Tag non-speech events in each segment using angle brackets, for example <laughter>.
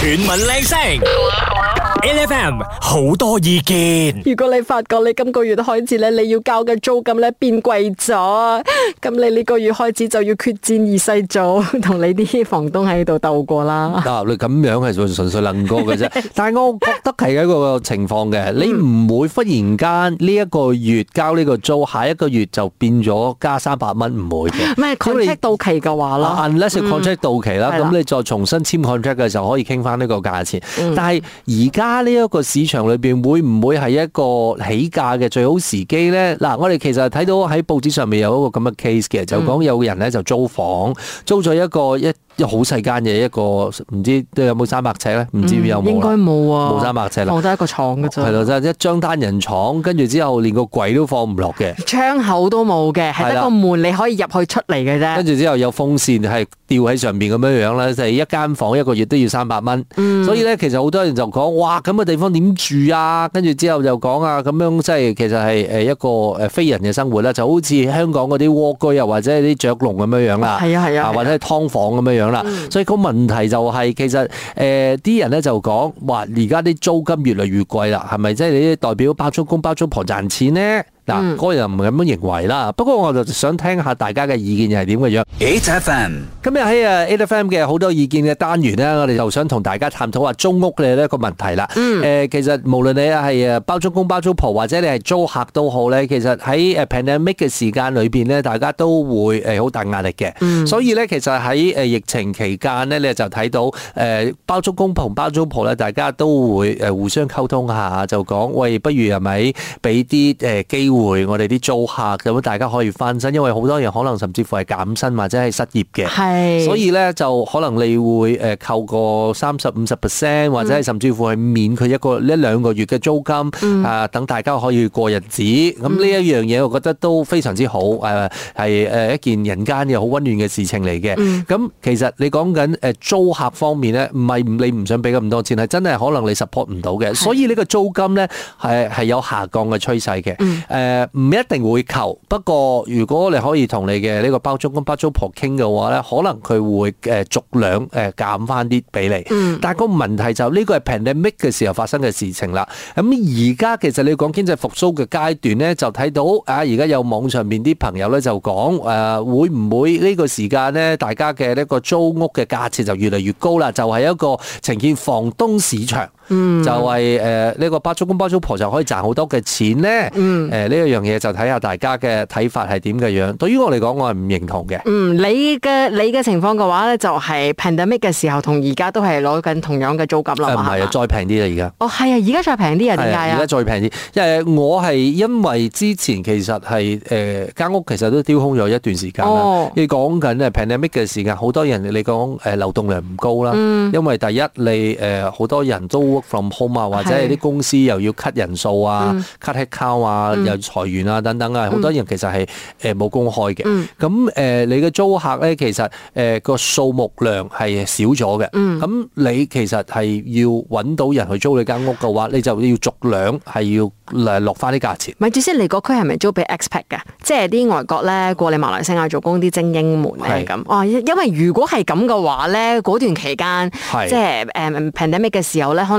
全民靚聲，L F M 好多意見。如果你發覺你今個月開始咧，你要交嘅租金咧變貴咗，咁你呢個月開始就要決戰二世祖，同你啲房東喺度鬥過啦。嗱，你咁樣係純純粹論過嘅啫。但係我覺得係一個情況嘅，你唔會忽然間呢一個月交呢個租，下一個月就變咗加三百蚊，唔會嘅。咩 contract 到期嘅話啦，unless contract 到期啦，咁你再重新簽 contract 嘅時候可以傾翻。呢個價錢，但係而家呢一個市場裏邊會唔會係一個起價嘅最好時機呢？嗱，我哋其實睇到喺報紙上面有一個咁嘅 case 嘅，就講有人呢就租房租咗一個一，一好細間嘅一個，唔知都有冇三百尺咧？唔知有冇啊，嗯？應該冇啊！冇三百尺啦，得一個牀嘅啫。係咯，得一張單人床，跟住之後連個櫃都放唔落嘅，窗口都冇嘅，係一個門你可以入去出嚟嘅啫。跟住之後有風扇係吊喺上邊咁樣樣咧，即係一間房一個月都要三百蚊。嗯，所以咧其實好多人就講哇咁嘅地方點住啊？跟住之後就講啊咁樣即係其實係誒一個誒非人嘅生活啦，就好似香港嗰啲蝸居啊，或者啲雀籠咁樣樣啦。係啊係啊，係啊或者係劏房咁樣樣。嗯、所以個問題就係、是，其實誒啲、呃、人咧就講話，而家啲租金越嚟越貴啦，係咪？即係你代表包租公包租婆賺錢呢？」嗱，個、嗯、人唔係咁樣認為啦。不過我就想聽下大家嘅意見又係點嘅樣。Eight FM 今日喺啊 Eight FM 嘅好多意見嘅單元咧，我哋就想同大家探討下租屋嘅咧一個問題啦。誒、嗯，其實無論你係誒包租公包租婆，或者你係租客都好咧，其實喺誒 pandemic 嘅時間裏邊咧，大家都會誒好大壓力嘅。嗯、所以咧，其實喺誒疫情期間咧，你就睇到誒包租公同包租婆咧，大家都會誒互相溝通下，就講喂，不如係咪俾啲誒機會。回我哋啲租客咁，大家可以翻身，因為好多人可能甚至乎係減薪或者係失業嘅，係是所以咧就可能你會誒扣個三十五十 percent，或者係甚至乎係免佢一個、嗯、一兩個，個月嘅租金，嗯、啊，等大家可以過日子。咁呢一樣嘢，我覺得都非常之好，誒係誒一件人間嘅好溫暖嘅事情嚟嘅。咁、嗯、其實你講緊誒租客方面咧，唔係你唔想俾咁多錢，係真係可能你 support 唔到嘅。是所以呢個租金咧係係有下降嘅趨勢嘅，誒、嗯。啊誒，唔、呃、一定會扣，不過如果你可以同你嘅呢個包租公、包租婆傾嘅話呢，可能佢會誒、呃、逐兩誒、呃、減翻啲俾你。嗯、但係個問題就呢、這個係 pandemic 嘅時候發生嘅事情啦。咁而家其實你講經濟復甦嘅階段呢，就睇到啊，而家有網上面啲朋友呢，就講誒、啊，會唔會呢個時間呢，大家嘅呢個租屋嘅價錢就越嚟越高啦？就係、是、一個呈現房東市場。嗯、就係誒呢個包租公包租婆就可以賺好多嘅錢咧。誒呢、嗯呃這個、一樣嘢就睇下大家嘅睇法係點嘅樣。對於我嚟講，我係唔認同嘅。嗯，你嘅你嘅情況嘅話咧，就係平啲 m 嘅時候同而家都係攞緊同樣嘅租金啦。唔係、呃哦、啊，再平啲啦，而家。哦，係啊，而家再平啲啊，點解啊？而家再平啲，誒我係因為之前其實係誒間屋其實都丟空咗一段時間、哦、你要講緊平啲 m 嘅時間，好多人你講誒、呃、流動量唔高啦。嗯、因為第一你誒好、呃、多人都。from home 啊，或者係啲公司又要 cut 人數啊、嗯、，cut head count 啊，嗯、又裁員啊，等等啊，好、嗯、多人其實係誒冇公開嘅。咁誒、嗯呃，你嘅租客咧，其實誒個數目量係少咗嘅。咁、嗯、你其實係要揾到人去租你間屋嘅話，你就要逐量係要誒落翻啲價錢。唔係，主要係你嗰區係咪租俾 expat 㗎？即係啲外國咧過嚟馬來西亞做工啲精英們係咁。是哦，因為如果係咁嘅話咧，嗰段期間是即係誒、um, pandemic 嘅時候咧，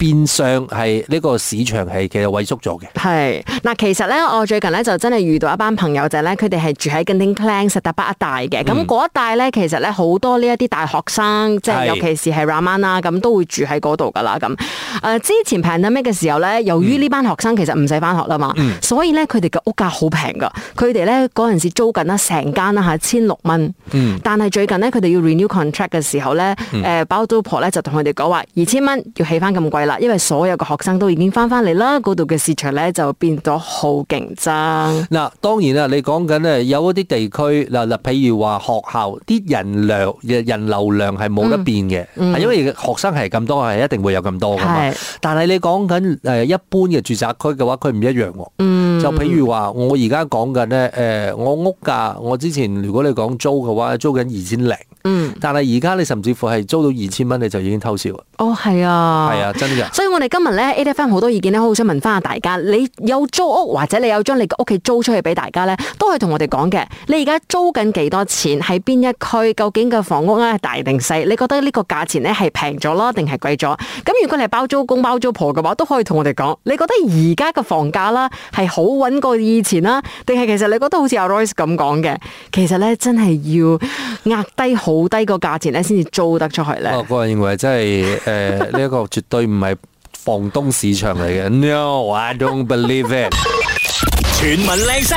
變相係呢個市場係其實萎縮咗嘅。係嗱，其實咧，我最近咧就真係遇到一班朋友就係咧，佢哋係住喺 Genting Klang 實達巴一帶嘅。咁嗰一帶咧，嗯、帶其實咧好多呢一啲大學生，即係尤其是係 Raman 啦，咁都會住喺嗰度噶啦。咁、嗯、誒、呃，之前 pandemic 嘅時候咧，由於呢班學生其實唔使翻學啦嘛，嗯、所以咧佢哋嘅屋價好平噶。佢哋咧嗰陣時租緊啦，成間啦嚇，一千六蚊。但係最近咧，佢哋要 renew contract 嘅時候咧、呃，包租婆咧就同佢哋講話，二千蚊要起翻咁貴。因為所有嘅學生都已經返返嚟啦，嗰度嘅市場咧就變咗好競爭。嗱，當然啦，你講緊咧有一啲地區，嗱，嗱，譬如話學校啲人量、人流量係冇得變嘅，嗯嗯、因為學生係咁多，係一定會有咁多噶嘛。是但係你講緊誒一般嘅住宅區嘅話，佢唔一樣、啊。嗯，就譬如話我而家講緊咧，誒、呃，我屋價我之前如果你講租嘅話，租緊二千零。嗯、但係而家你甚至乎係租到二千蚊，你就已經偷笑。哦，係啊，係啊，真嘅。所以我哋今日咧，ATM 好多意見咧，好想問翻下大家，你有租屋或者你有將你嘅屋企租出去俾大家咧，都可以同我哋講嘅。你而家租緊幾多錢？喺邊一區？究竟個房屋咧大定細？你覺得呢個價錢咧係平咗囉定係貴咗？咁如果你係包租公包租婆嘅話，都可以同我哋講。你覺得而家嘅房價啦係好穩過以前啦、啊，定係其實你覺得好似阿 Royce 咁講嘅，其實咧真係要壓低好低個價錢咧，先至租得出去咧。我個人認為真係。 <laughs> 誒呢一個絕對唔係房東市場嚟嘅，No，I don't believe it。全民靚聲。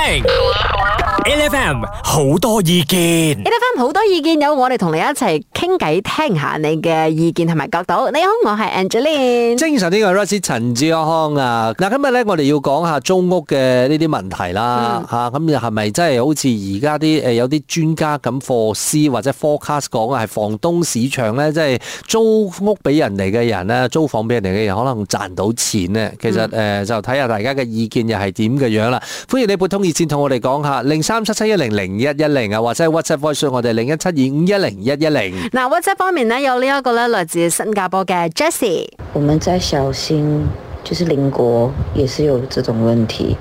L.F.M. 好多意見，L.F.M. 好多意見，有我哋同你一齊傾偈，聽下你嘅意見同埋角度。你好，我係 Angeline。精神呢個 Russi 陳志康啊，嗱今日咧我哋要講下租屋嘅呢啲問題啦，吓咁又係咪真係好似而家啲誒有啲專家咁 foresee 或者 forecast 講嘅，係房東市場咧，即係租屋俾人哋嘅人咧，租房俾人哋嘅人可能賺到錢咧。嗯、其實誒就睇下大家嘅意見又係點嘅樣啦。歡迎你撥通熱線同我哋講下，三七七一零零一一零啊，0, 或者係 WhatsApp、呃、Now, WhatsApp Voice 我哋零一七二五一零一一零。嗱 WhatsApp 方面呢有呢一個呢來自新加坡嘅 Jessie。我們在小心，就是鄰國也是有這種問題。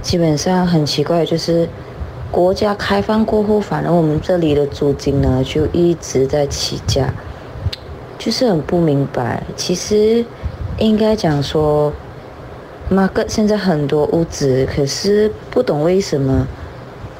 基本上很奇怪，就是國家開放過後，反而我們這裏的租金呢就一直在起價，就是很不明白。其實應該講說，market 現在很多屋子，可是不懂為什麼。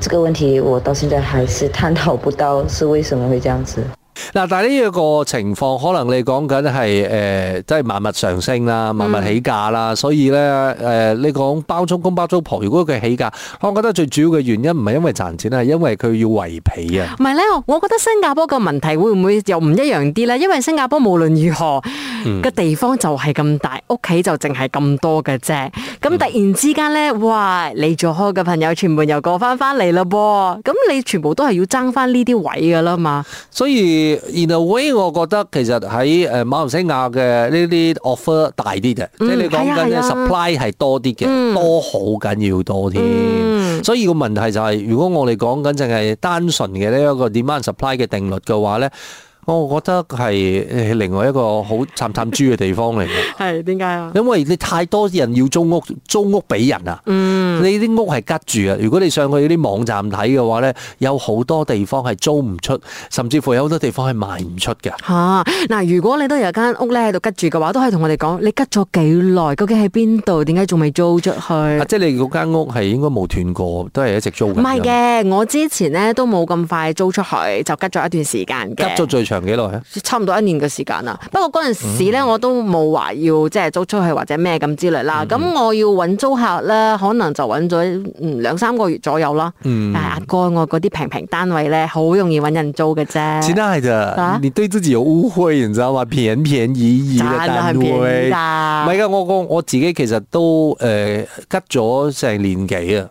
這個問題我到現在還是探討不到，是為什麼會這樣子？嗱，但係呢一個情況，可能你講緊係誒，即係萬物上升啦，萬物起價啦，嗯、所以咧誒、呃，你講包租公包租婆，如果佢起價，我覺得最主要嘅原因唔係因為賺錢，係為啊，因為佢要維皮啊。唔係咧，我覺得新加坡個問題會唔會又唔一樣啲咧？因為新加坡無論如何個、嗯、地方就係咁大，屋企就淨係咁多嘅啫。咁、嗯、突然之間咧，哇！離咗開嘅朋友全部又過翻翻嚟啦噃，咁你全部都係要爭翻呢啲位噶啦嘛。所以，in a way，我覺得其實喺馬來西亞嘅呢啲 offer 大啲嘅，即係你講緊嘅 supply 係多啲嘅，嗯、多好緊要多添。嗯、所以個問題就係、是，如果我哋講緊淨係單純嘅呢一個 demand-supply 嘅定律嘅話咧。我覺得係另外一個好慘慘豬嘅地方嚟嘅，係點解啊？因為你太多人要租屋，租屋俾人啊。嗯，你啲屋係吉住嘅。如果你上去啲網站睇嘅話咧，有好多地方係租唔出，甚至乎有好多地方係賣唔出嘅。嚇！嗱，如果你都有間屋咧喺度吉住嘅話，都可以同我哋講，你吉咗幾耐？究竟喺邊度？點解仲未租出去？啊，即係你嗰間屋係應該冇斷過，都係一直租是的。唔係嘅，我之前咧都冇咁快租出去，就吉咗一段時間嘅。長幾耐啊？差唔多一年嘅時間啦。不過嗰陣時咧，我都冇話要即係租出去或者咩咁之類啦。咁、嗯嗯、我要揾租客咧，可能就揾咗兩三個月左右啦。阿、嗯嗯、哥，哥，我嗰啲平平單位咧，好容易揾人租嘅啫。只係咋？啊、你對自己有誤會，然之後話平平宜宜嘅單位，唔係噶。我我我自己其實都誒，吉咗成年幾啊。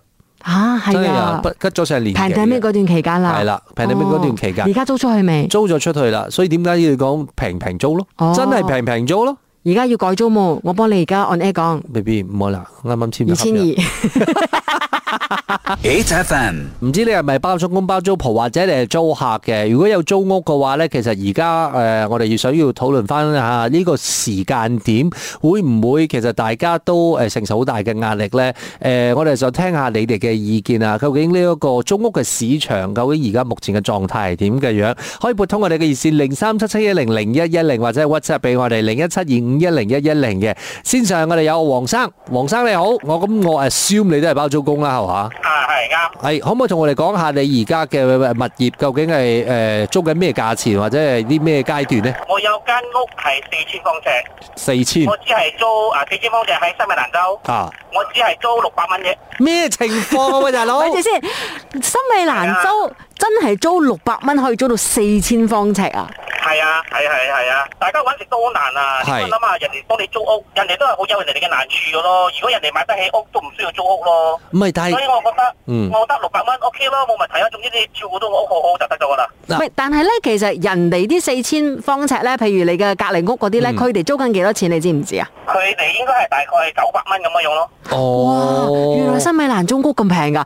吓係啊，吉咗成年平到咩段期間啦，係啦平到咩段期間，而家租出去未？租咗出去啦，所以點解要講平平租咯？哦、真係平平租咯？而家要改租喎，我幫你而家按 Air 講，B B 唔好啦，啱啱簽二千二。22 00笑 Eight FM，唔知你係咪包租公包租婆或者你係租客嘅？如果有租屋嘅話咧，其實而家誒，我哋要想要討論翻下呢個時間點會唔會，其實大家都誒承受好大嘅壓力咧？誒，我哋就聽下你哋嘅意見啊！究竟呢一個租屋嘅市場究竟而家目前嘅狀態係點嘅樣？可以撥通我哋嘅熱線零三七七一零零一一零，或者 WhatsApp 俾我哋零一七二五一零一一零嘅。線上我哋有黃生，黃生你好，我咁我誒 assume 你都係包租公啦。係啊，係啱。係，可唔可以同我哋講下你而家嘅物業究竟係誒、呃、租緊咩價錢，或者係啲咩階段咧？我有間屋係四千方尺，四千。我只係租啊四千方尺喺新美蘭州啊，我只係租六百蚊啫。咩情況喂、啊、大佬？住先 <laughs> 新美蘭州真係租六百蚊可以租到四千方尺啊？係啊，係啊，係係啊，啊！大家搵食都好難啊，你諗是下，人哋幫你租屋，人哋都係好有人哋嘅難處嘅咯。如果人哋買得起屋，都唔需要租屋咯。唔係但，但係，所以我覺得，嗯、我覺得六百蚊 O K 咯，冇問題啊。總之你照顧到我屋，屋好，好，好就得咗啦。唔但係咧，其實人哋啲四千方尺咧，譬如你嘅隔籬屋嗰啲咧，佢哋，嗯、租緊幾多錢？你知唔知啊？佢哋應該係大概九百蚊咁樣樣咯。哦哇，原來新米蘭中屋咁平噶。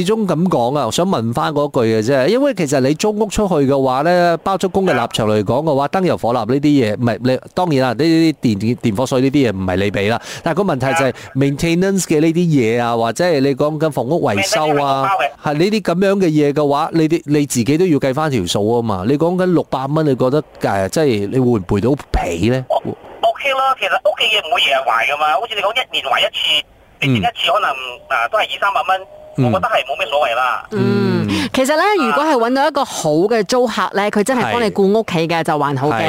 始終咁講啊，我想問翻嗰句嘅啫，因為其實你租屋出去嘅話咧，包租公嘅立場嚟講嘅話，燈油火蠟呢啲嘢，唔係你當然啦，呢啲電電火水呢啲嘢唔係你俾啦。但係個問題就係 maintenance 嘅呢啲嘢啊，或者係你講緊房屋維修啊，係呢啲咁樣嘅嘢嘅話，你啲你自己都要計翻條數啊嘛。你講緊六百蚊，你覺得誒，即係你會唔會賠到皮咧？O K 啦，其實屋企嘢唔會日日壞噶嘛，好似你講一年壞一次，你一次可能啊都係二三百蚊。我覺得係冇咩所謂啦。嗯，其實咧，如果係揾到一個好嘅租客咧，佢真係幫你顧屋企嘅就還好嘅。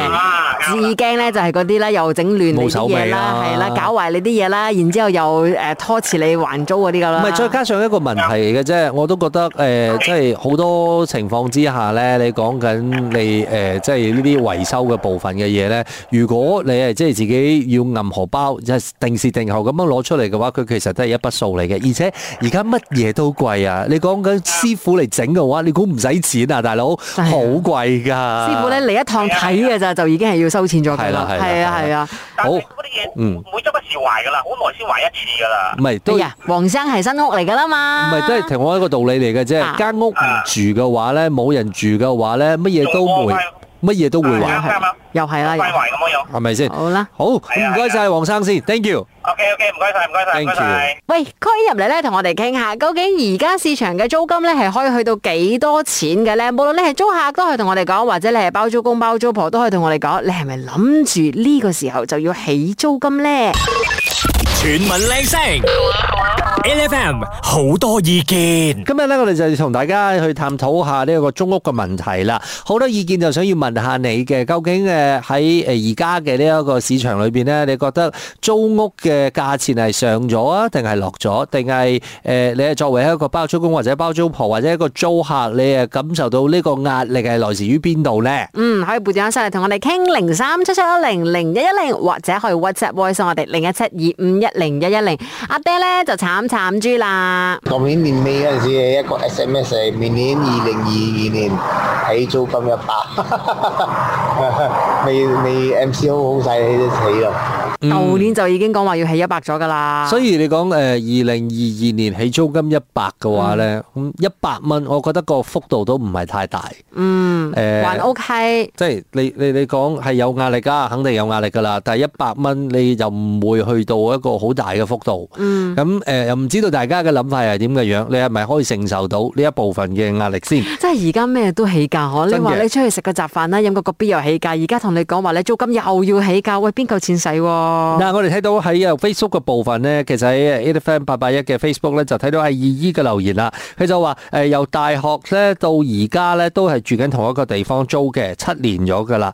至驚咧就係嗰啲咧又整亂你啲嘢啦，係啦，搞壞你啲嘢啦，然之後又誒拖遲你還租嗰啲㗎啦。唔係，再加上一個問題嚟嘅啫，我都覺得誒，即係好多情況之下咧，你講緊你誒，即係呢啲維修嘅部分嘅嘢咧，如果你係即係自己要揞荷包，即係定時定候咁樣攞出嚟嘅話，佢其實都係一筆數嚟嘅，而且而家乜嘢都好貴啊！你講緊師傅嚟整嘅話，你估唔使錢啊，大佬？好貴噶！貴師傅咧嚟一趟睇嘅咋，啊啊、就已經係要收錢咗佢啦。係啊係啊。好、啊。嗰啲嘢唔會時不時壞噶啦，好耐先壞一次噶啦。唔係都。黃、哎、生係新屋嚟噶啦嘛。唔係都係同我一個道理嚟嘅啫，間、啊、屋唔住嘅話咧，冇人住嘅話咧，乜嘢都冇。乜嘢都會話，又係啦，關懷咁樣，係咪先？好啦，好唔該晒，黃生先，thank you。OK OK，唔該晒，唔該晒，唔該晒。喂，可以入嚟咧，同我哋傾下，究竟而家市場嘅租金咧，係可以去到幾多錢嘅咧？無論你係租客都可以同我哋講，或者你係包租公包租婆，都可以同我哋講，你係咪諗住呢個時候就要起租金咧？全民靚聲。L.F.M. 好多意見，今日咧我哋就同大家去探討下呢一個租屋嘅問題啦。好多意見就想要問下你嘅，究竟誒喺誒而家嘅呢一個市場裏邊咧，你覺得租屋嘅價錢係上咗啊，定係落咗，定係誒你係作為一個包租公或者包租婆或者一個租客，你係感受到呢個壓力係來自於邊度咧？嗯，可以撥電話上嚟同我哋傾零三七七一零零一一零，或者可以 WhatsApp WhatsApp 我哋零一七二五一零一一零。阿爹咧就慘。慘豬啦！今年年尾嗰陣時，係一個 S M S，明年二零二二年起租金一百， <laughs> 未未 M C O 好細事咯。舊、嗯、年就已經講話要起一百咗噶啦，所以你講誒二零二二年起租金一百嘅話咧，咁一百蚊我覺得個幅度都唔係太大，嗯，誒、呃，還 OK，即係你你你講係有壓力噶，肯定有壓力噶啦，但係一百蚊你就唔會去到一個好大嘅幅度，咁誒又唔知道大家嘅諗法係點嘅樣，你係咪可以承受到呢一部分嘅壓力先？即係而家咩都起價，嗬的，你話你出去食個雜飯啦，飲個個必又起價，而家同你講話你租金又要起價，喂邊夠錢使、啊？嗱、啊，我哋睇到喺 Facebook 嘅部分咧，其實喺 AI FM 八八一嘅 Facebook 咧就睇到係二姨嘅留言啦。佢就話、呃、由大學咧到而家咧都係住緊同一個地方租嘅，七年咗噶啦。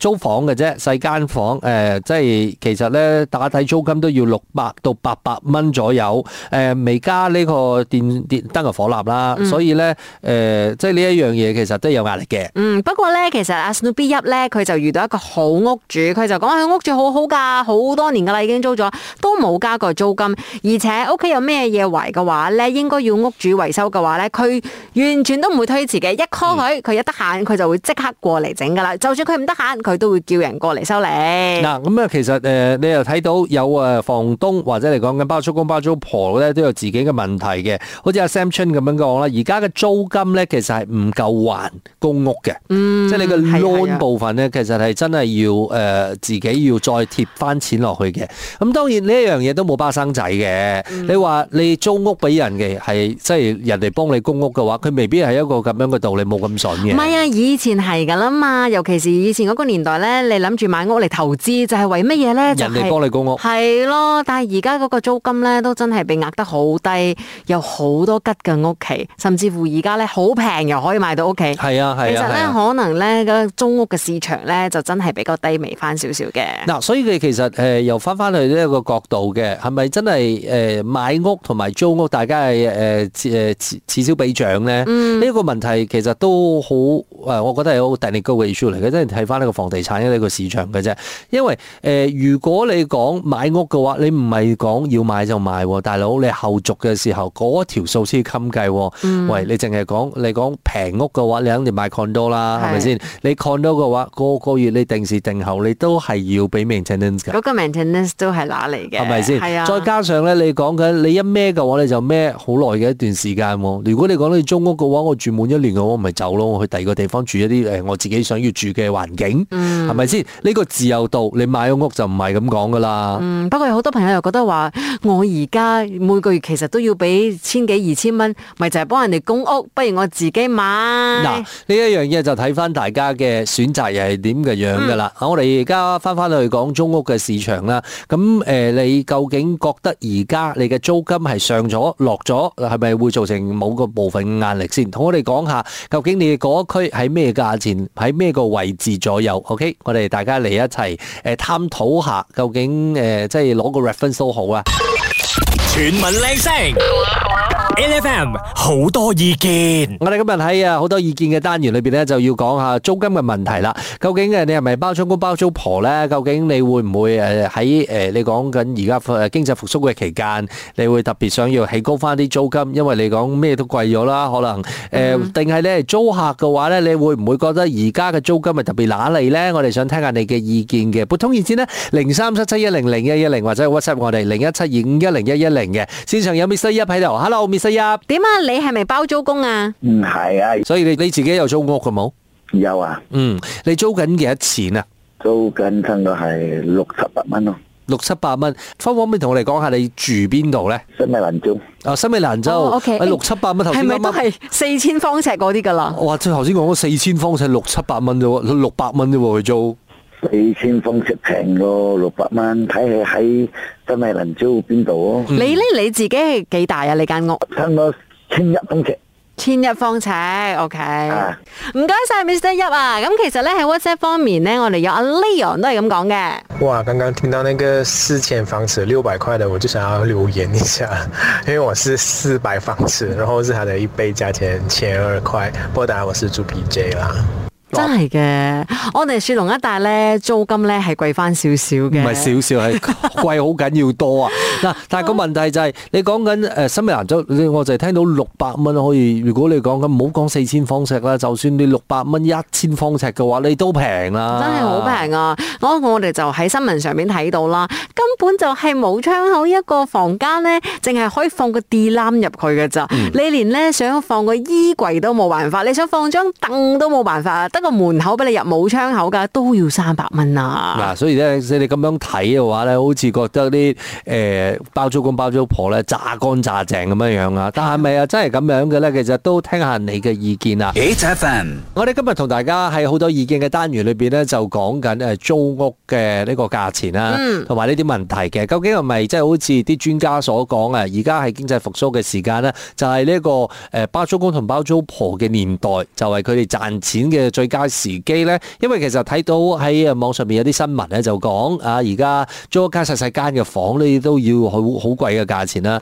租房嘅啫，細間房即係、呃、其實咧打底租金都要六百到八百蚊左右。呃、未加呢個電燈嘅火蠟啦，所以咧、呃、即係呢一樣嘢其實都有壓力嘅。嗯，不過咧其實阿 Snow B Up 咧佢就遇到一個好屋主，佢就講佢屋主好好噶。好多年噶啦，已經租咗都冇加過租金，而且屋企有咩嘢壞嘅話咧，應該要屋主維修嘅話咧，佢完全都唔會推遲嘅，一 call 佢，佢一得閒佢就會即刻過嚟整噶啦。就算佢唔得閒，佢都會叫人過嚟修理。嗱咁啊，其實、呃、你又睇到有房東或者嚟講緊包租公包租婆咧，都有自己嘅問題嘅。好似阿 Sam Chun 咁樣講啦，而家嘅租金咧其實係唔夠還公屋嘅，嗯、即係你個 loan 部分咧，的其實係真係要、呃、自己要再貼翻。翻錢落去嘅，咁當然呢一樣嘢都冇包生仔嘅。嗯、你話你租屋俾人嘅，係即係人哋幫你供屋嘅話，佢未必係一個咁樣嘅道理，冇咁順嘅。唔係啊，以前係㗎啦嘛，尤其是以前嗰個年代咧，你諗住買屋嚟投資就係，就係為乜嘢咧？人哋幫你供屋係咯，但係而家嗰個租金咧都真係被壓得好低，有好多吉嘅屋企，甚至乎而家咧好平又可以買到屋企。係啊係啊，啊其實咧、啊、可能咧租、嗰個、屋嘅市場咧就真係比較低微翻少少嘅。嗱、啊，所以其實其實誒又翻翻去呢一個角度嘅，係咪真係誒買屋同埋租屋大家係誒誒此此消彼長咧？呢一個問題其實都好誒，我覺得係好第你高嘅 issue 嚟嘅，即係睇翻呢個房地產呢個市場嘅啫。因為誒如果你講買屋嘅話，你唔係講要買就買，大佬你後續嘅時候嗰條數先要襟計。喂，你淨係講你講平屋嘅話，肯定買 condo 啦，係咪先？你 condo 嘅話，個個月你定時定候你都係要俾名嗰個 maintenance 都係拿嚟嘅，係咪先？係啊，再加上咧，你講緊你一孭嘅話，你就孭好耐嘅一段時間喎、哦。如果你講到你租屋嘅話，我住滿一年嘅話，我咪走咯，我去第二個地方住一啲誒我自己想要住嘅環境，係咪先？呢、這個自由度，你買屋就唔係咁講噶啦。嗯，不過有好多朋友又覺得話，我而家每個月其實都要俾千幾二千蚊，咪就係、是、幫人哋供屋，不如我自己買。嗱，呢一樣嘢就睇翻大家嘅選擇又係點嘅樣噶啦。嗯、我哋而家翻返去講租屋。嘅市場啦，咁誒，你究竟覺得而家你嘅租金係上咗、落咗，係咪會造成某個部分嘅壓力先？同我哋講下，究竟你嗰區喺咩價錢、喺咩個位置左右？OK，我哋大家嚟一齊誒探討下，究竟誒即係攞個 reference 都好啊！全民靚聲。L.F.M. 好多意見，我哋今日喺啊好多意見嘅單元裏邊咧，就要講下租金嘅問題啦。究竟誒你係咪包租公包租婆咧？究竟你會唔會誒喺誒你講緊而家誒經濟復甦嘅期間，你會特別想要起高翻啲租金？因為你講咩都貴咗啦，可能誒，定係咧你租客嘅話咧，你會唔會覺得而家嘅租金係特別乸脷咧？我哋想聽下你嘅意見嘅，撥通熱線咧零三七七一零零一一零或者 WhatsApp 我哋零一七二五一零一一零嘅，線上有 Mr. 一喺度，Hello，Mr. 入點啊？你係咪包租公啊？唔係啊，所以你你自己有租屋嘅冇？有啊，嗯，你租緊幾多錢啊？租緊差唔多係六七百蚊咯，六七百蚊。方方，咪同我哋講下你住邊度咧？新美蘭州啊，新美蘭州。OK 六七百蚊頭先係咪都係四千方尺嗰啲噶啦？我話頭先講嗰四千方尺六七百蚊啫喎，六百蚊啫喎，佢、啊、租。四千方尺平咯，六百蚊，睇你喺真美能蕉邊度咯。你咧、嗯、你自己係幾大啊？你間屋差唔多千一方尺。千一方尺，OK。唔該晒，Mr 一啊。咁、啊、其實咧喺 WhatsApp 方面咧，我哋有阿 Leon 都係咁講嘅。哇，剛剛聽到那個四千方尺六百塊的，我就想要留言一下，因為我是四百方尺，然後是他的一倍價錢千二塊。不過大家，我是朱 PJ 啦。真係嘅，我哋雪隆一帶咧租金咧係貴返少少嘅，唔係少少係貴好緊要多啊！ <laughs> 嗱，但係個問題就係，誒、你講緊新美蘭洲，我就聽到六百蚊可以。如果你講緊唔好講四千方尺啦，就算你六百蚊一千方尺嘅話，你都平啦。真係好平啊！我我哋就喺新聞上面睇到啦，根本就係冇窗口一個房間咧，淨係可以放個地籃入去嘅咋。嗯、你連咧想放個衣櫃都冇辦法，你想放張凳都冇辦法啊！得個門口俾你入冇窗口㗎，都要三百蚊啊！嗱、啊，所以咧你咁樣睇嘅話咧，好似覺得啲、欸包租公包租婆咧，炸乾炸淨咁樣樣啊！但係咪啊，真係咁樣嘅咧？其實都聽下你嘅意見啦。eight FM 我哋今日同大家喺好多意見嘅單元裏邊咧，就講緊誒租屋嘅呢個價錢啦、啊，同埋呢啲問題嘅。究竟係咪真係好似啲專家所講啊？而家係經濟復甦嘅時間咧，就係、是、呢個誒包租公同包租婆嘅年代，就係佢哋賺錢嘅最佳時機咧。因為其實睇到喺網上面有啲新聞咧，就講啊，而家租一間細細間嘅房呢，都要。好好貴嘅價錢啦，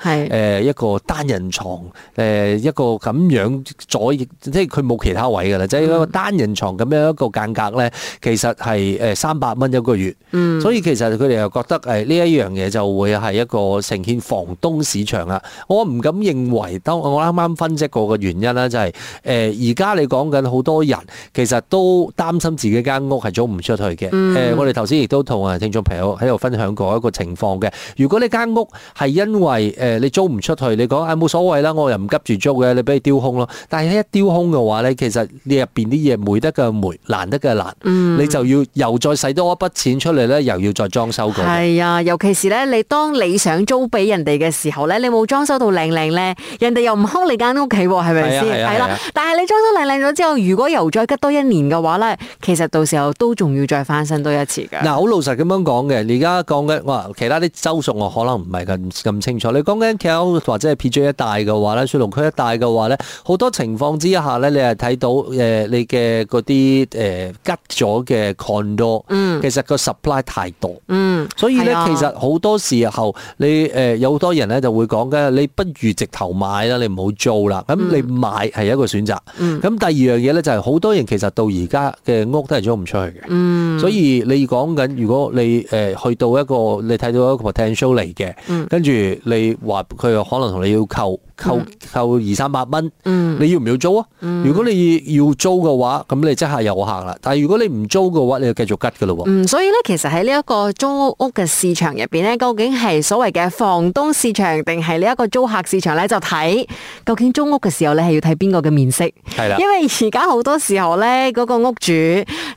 一個單人床，一個咁樣左翼，即係佢冇其他位㗎啦，即係、嗯、單人床咁樣一個間隔咧，其實係誒三百蚊一個月，嗯、所以其實佢哋又覺得呢一樣嘢就會係一個呈現房東市場啦。我唔敢認為，當我啱啱分析過嘅原因啦、就係，就係而家你講緊好多人其實都擔心自己間屋係租唔出去嘅。嗯、我哋頭先亦都同啊，聽眾朋友喺度分享過一個情況嘅，如果你，間屋係因為誒，你租唔出去，你講誒，冇所謂啦，我又唔急住租嘅，你俾佢丟空咯。但係一丟空嘅話咧，其實你入邊啲嘢霉得嘅霉，難得嘅難，你就要又再使多一筆錢出嚟咧，又要再裝修過。係啊，尤其是咧，你當你想租俾人哋嘅時候咧，你冇裝修到靚靚咧，人哋又唔空你間屋企，係咪先？係啦，但係你裝修靚靚咗之後，如果又再吉多一年嘅話咧，其實到時候都仲要再翻新多一次嘅。嗱，好老實咁樣講嘅，你而家講嘅，我話其他啲州屬我可。可能唔係咁咁清楚。你講緊 KL 或者係 PJ 一帶嘅話咧，雪隆區一帶嘅話咧，好多情況之下咧，你係睇到、呃、你嘅嗰啲誒吉咗嘅 condo，其實個 supply 太多，嗯、所以咧其實好多時候你誒、呃、有好多人咧就會講緊你不如直頭買啦，你唔好租啦。咁你買係一個選擇。咁、嗯、第二樣嘢咧就係、是、好多人其實到而家嘅屋都係租唔出去嘅。嗯、所以你講緊如果你、呃、去到一個你睇到一個 potential 嚟。嘅，跟住、嗯、你話佢有可能同你要求。扣扣二三百蚊，嗯、你要唔要租啊？嗯、如果你要租嘅話，咁你即係有客啦。但係如果你唔租嘅話，你就繼續吉嘅咯。所以咧，其實喺呢一個租屋屋嘅市場入邊咧，究竟係所謂嘅房東市場定係呢一個租客市場咧，就睇究竟租屋嘅時候你係要睇邊個嘅面色。係啦的，因為而家好多時候咧，嗰、那個屋主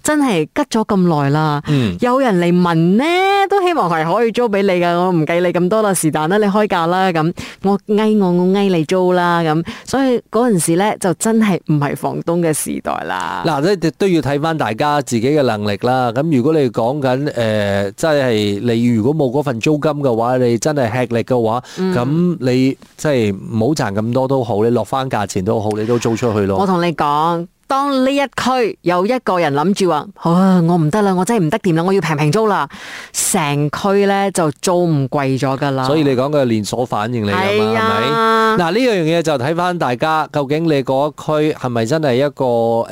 真係吉咗咁耐啦。嗯、有人嚟問呢，都希望係可以租俾你噶。我唔計你咁多啦，是但啦，你開價啦咁。我嗌我我嗌。嚟租啦，咁所以嗰陣時咧就真係唔係房東嘅時代啦。嗱，你都要睇翻大家自己嘅能力啦。咁如果你講緊誒，真係你如果冇嗰份租金嘅話，你真係吃力嘅話，咁、嗯、你即係唔好賺咁多都好，你落翻價錢都好，你都租出去咯。我同你講，當呢一區有一個人諗住話，我唔得啦，我真係唔得掂啦，我要平平租啦，成區咧就租唔貴咗噶啦。所以你講嘅連鎖反應嚟噶嘛，係咪、哎呀？是嗱，呢樣嘢就睇翻大家究竟你嗰區係咪真係一個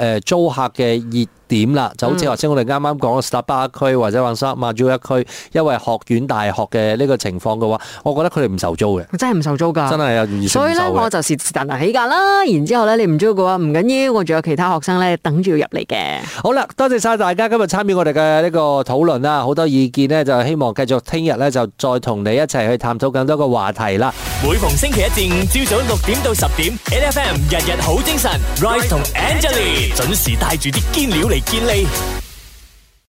誒租客嘅熱點啦？就好似、嗯、頭先我哋啱啱講啦 s t a r b u 區或者或者 m a c 一區，嗯、因為學院大學嘅呢個情況嘅話，我覺得佢哋唔受租嘅，真係唔受租㗎，真係完，所以我就是但但起價啦。然之後咧，你唔租嘅話唔緊要，我仲有其他學生咧等住入嚟嘅。好啦，多謝晒大家今日參與我哋嘅呢個討論啦，好多意見呢，就希望繼續聽日咧就再同你一齊去探討更多嘅話題啦。每逢星期一至五。朝早六點到十點，NFM 日日好精神，Rise 同 Angelie 準時帶住啲堅料嚟堅利。